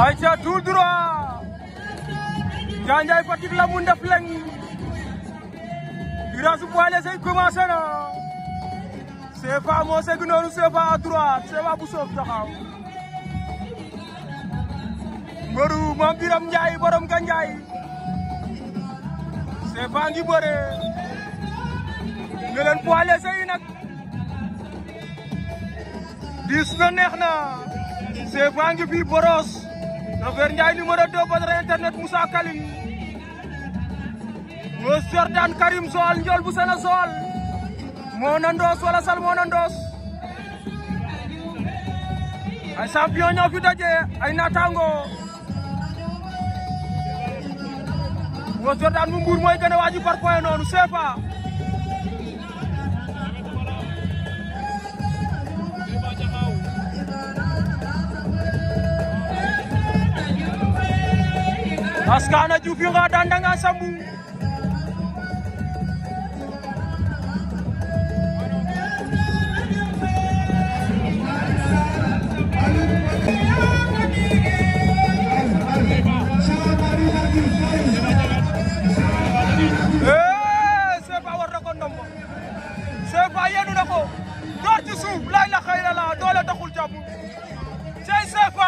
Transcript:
Aïcha tout droit Gandiaye Fatick la mu ndef leng virage poids léger commencé na CFA moo segg noonu CFA à droite CFA taxaw mbëru Mame Birame Ndiaye borom Gandiaye CFA ngi bëre ne leen yi nag diis na neex na CFA ngi fii boros Nofer Ndiaye numéro 2 Badara internet Moussa Kalim Moos Jordan Karim Joal Ndiol bu Sana Joal Mona Ndoos wala Sal Mona Ndoos ay champion ñoo fi daje ay natango Moos Jordan mu Mbour mooy gën a waaju par point noonu CFA Askana Jufira dandang Asamu. Eh, Sefa yenu na ko door ci suuf lay la lah la laa doole taxul